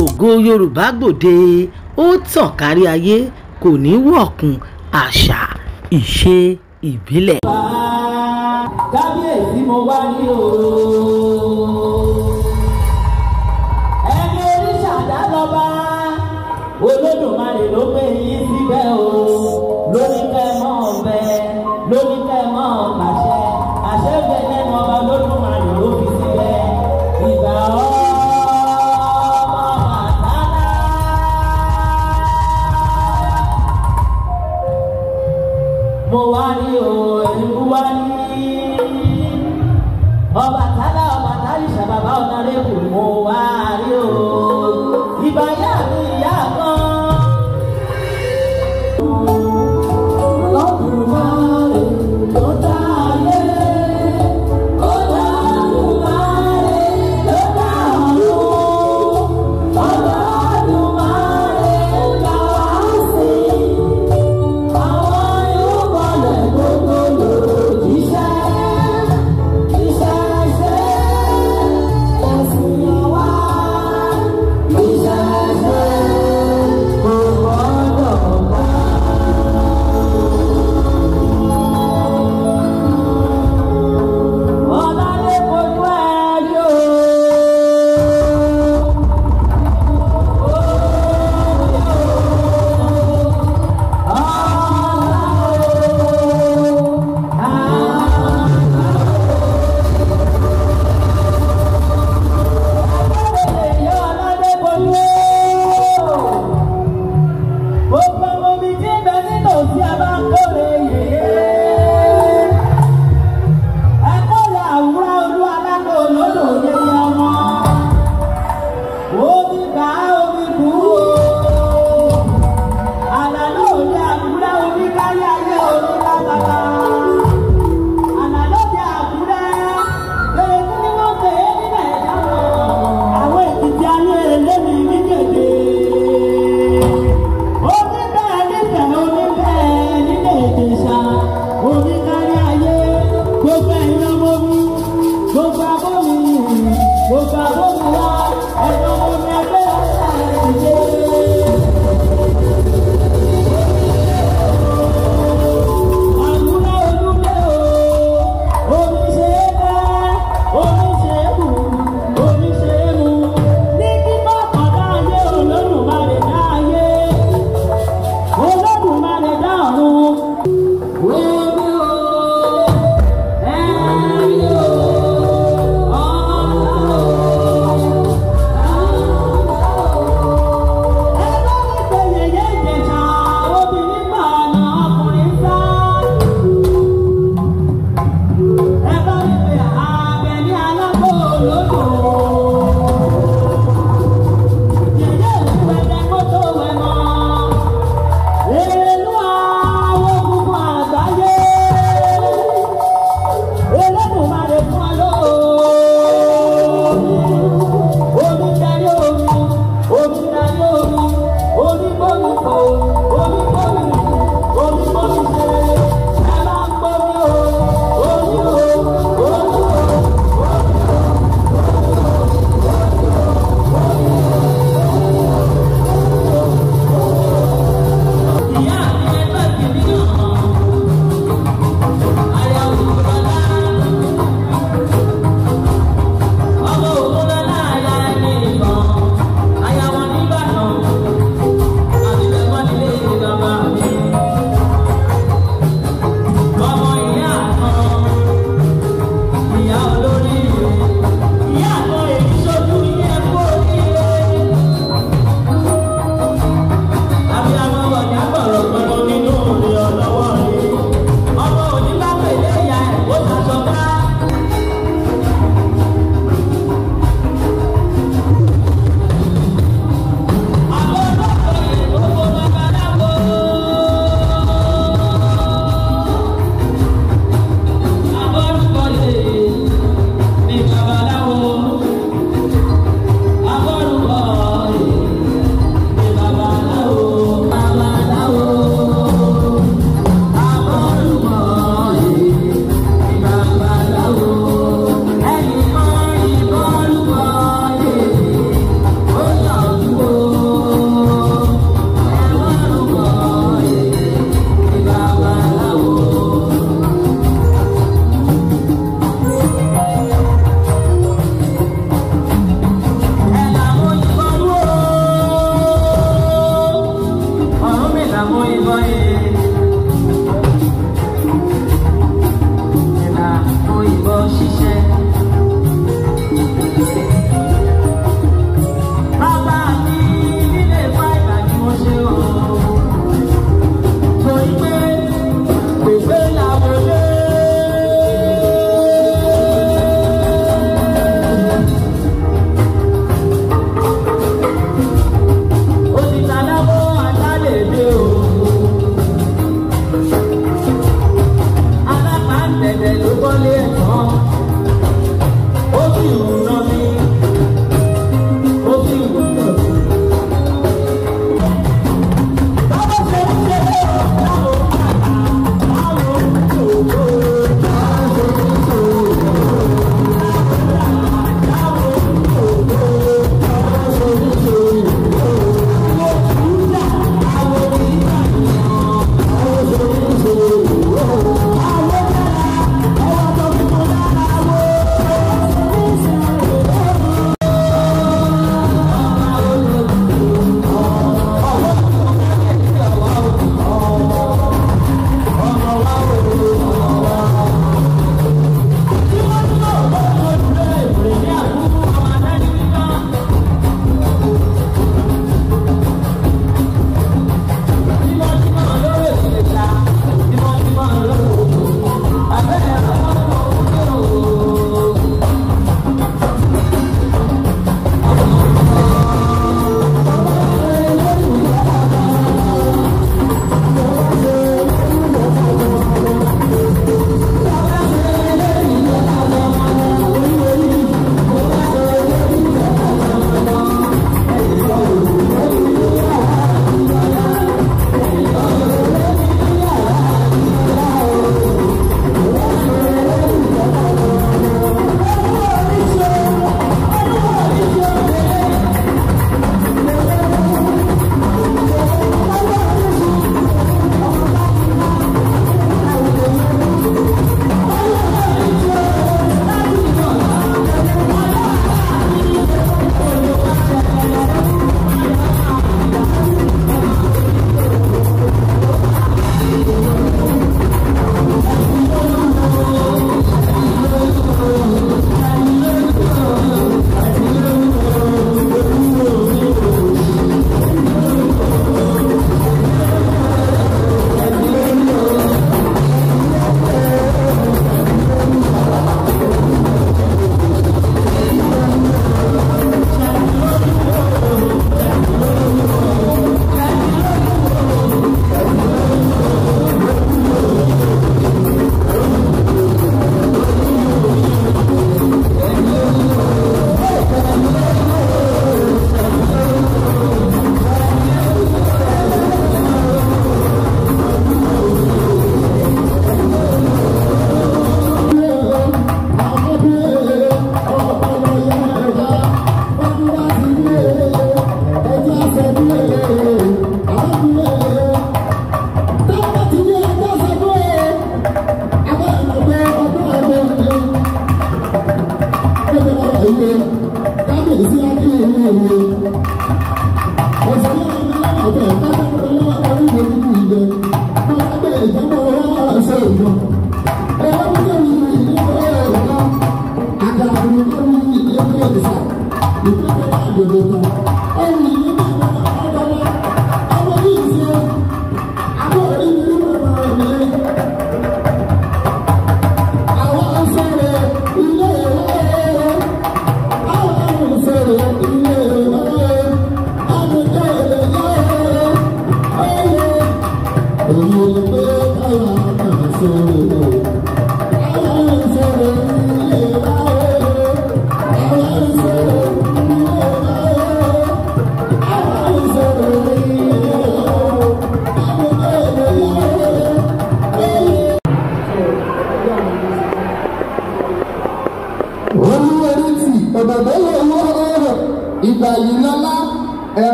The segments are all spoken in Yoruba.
ògo yorùbá gbòde ó tàn kárí ayé kò ní wọ̀kùn àṣà ìṣe ìbílẹ̀. kábíyèsí mo wá ní o.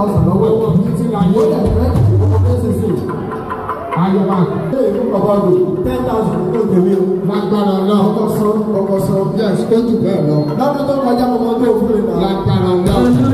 thousand lọ́wọ́ ẹ̀ ní ti ra yóò dẹ̀ fẹ́ lẹ́sẹsẹ ayọ̀wà lè mú bàbá lò ten thousand tó tèmi o. lágbára náà ọkọ̀ sọ ọkọ̀ sọ bí àìsí tó jù bẹ́ẹ̀ lọ. lọ́dún tó kọjá mo mọ bí òfin rẹ̀ náà. lágbára náà.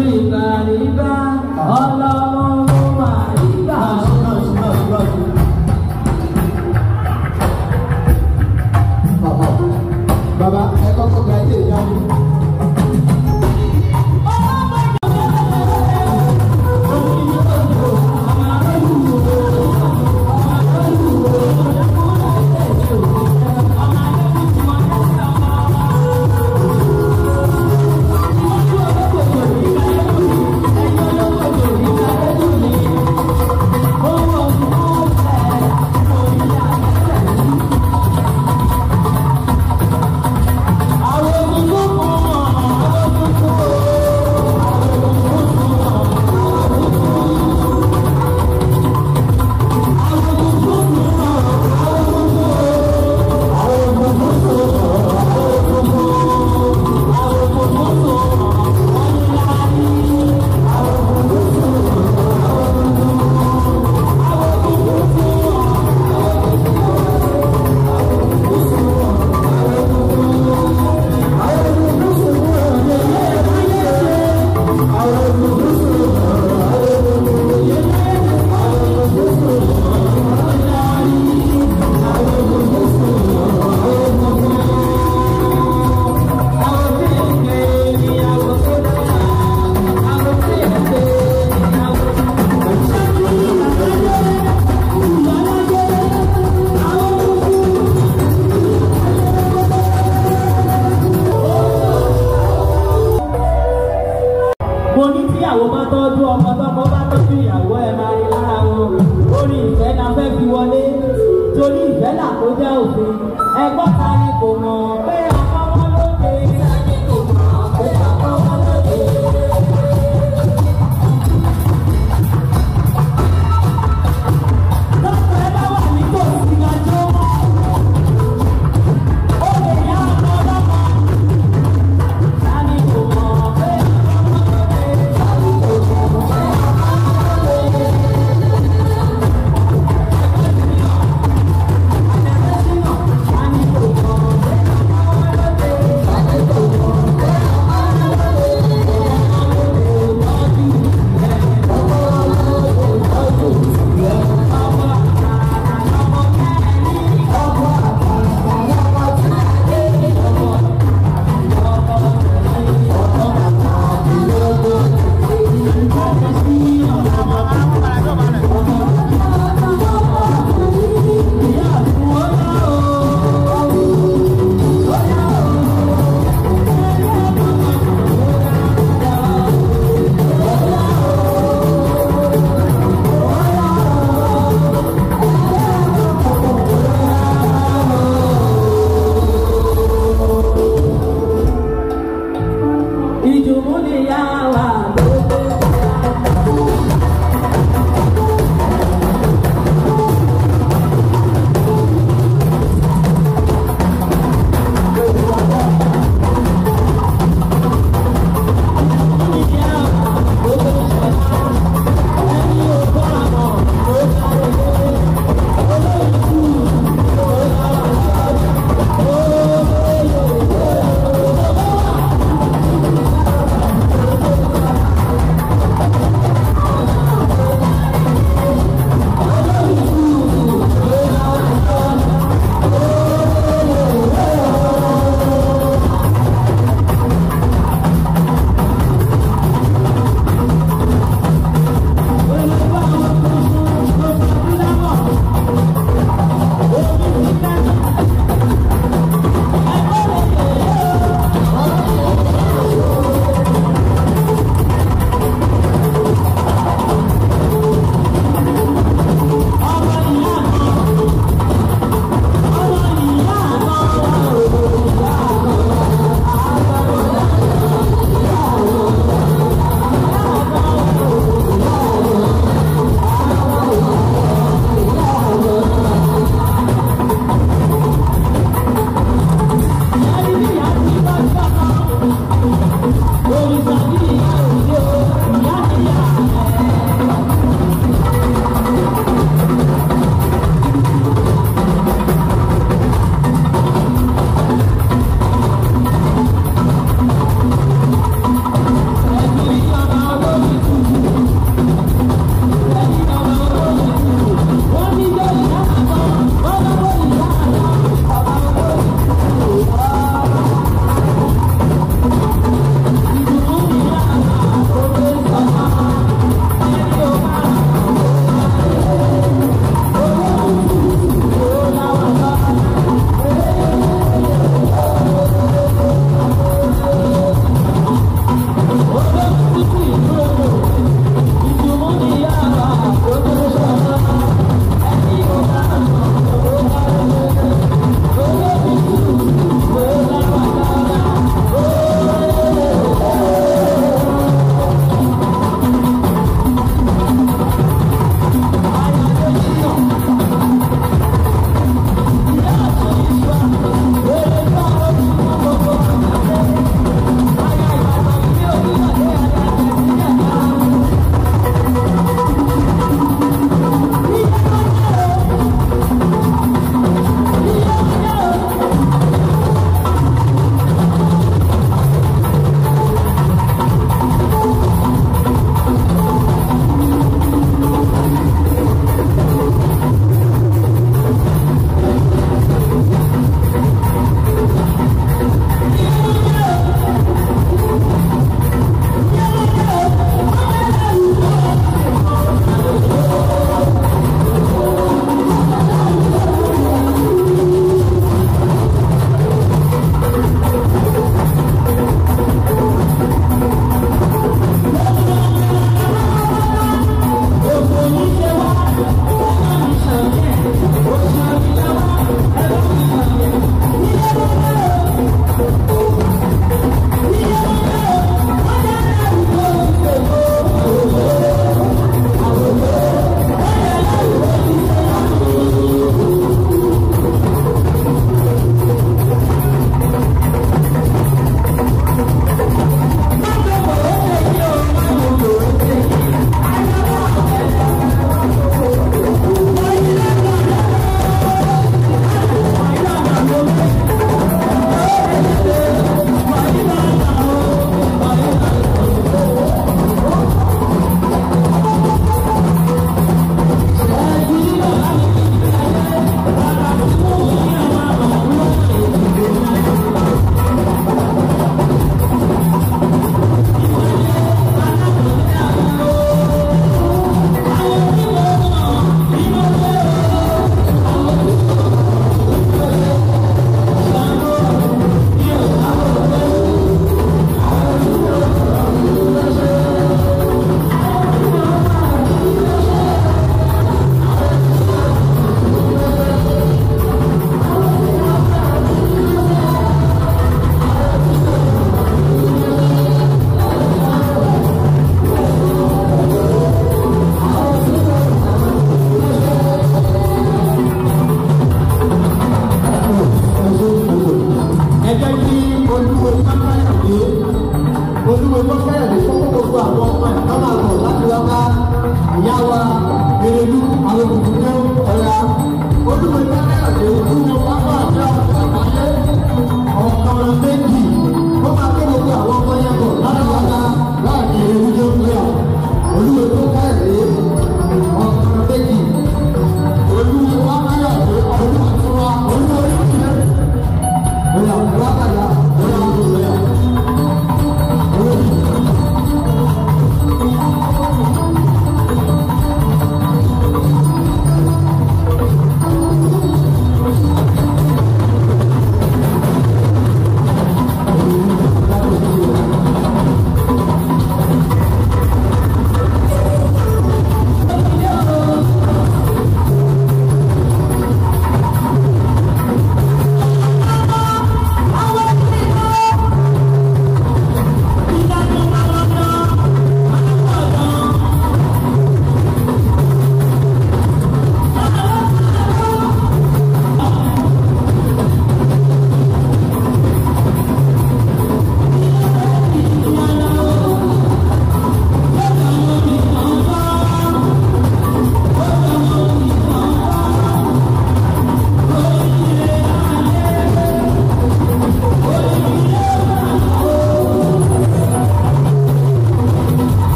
ìyàwó má tọ́jú ọmọ tọ́mọ bá tọ́jú ìyàwó ẹ̀ máa rí lára wọn orí ìfẹ́ la fẹ́ fi wọlé torí ìfẹ́ là kó jẹ́ òfin ẹgbọ́n ta ni kò mọ̀ pé.